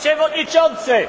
przewodniczący!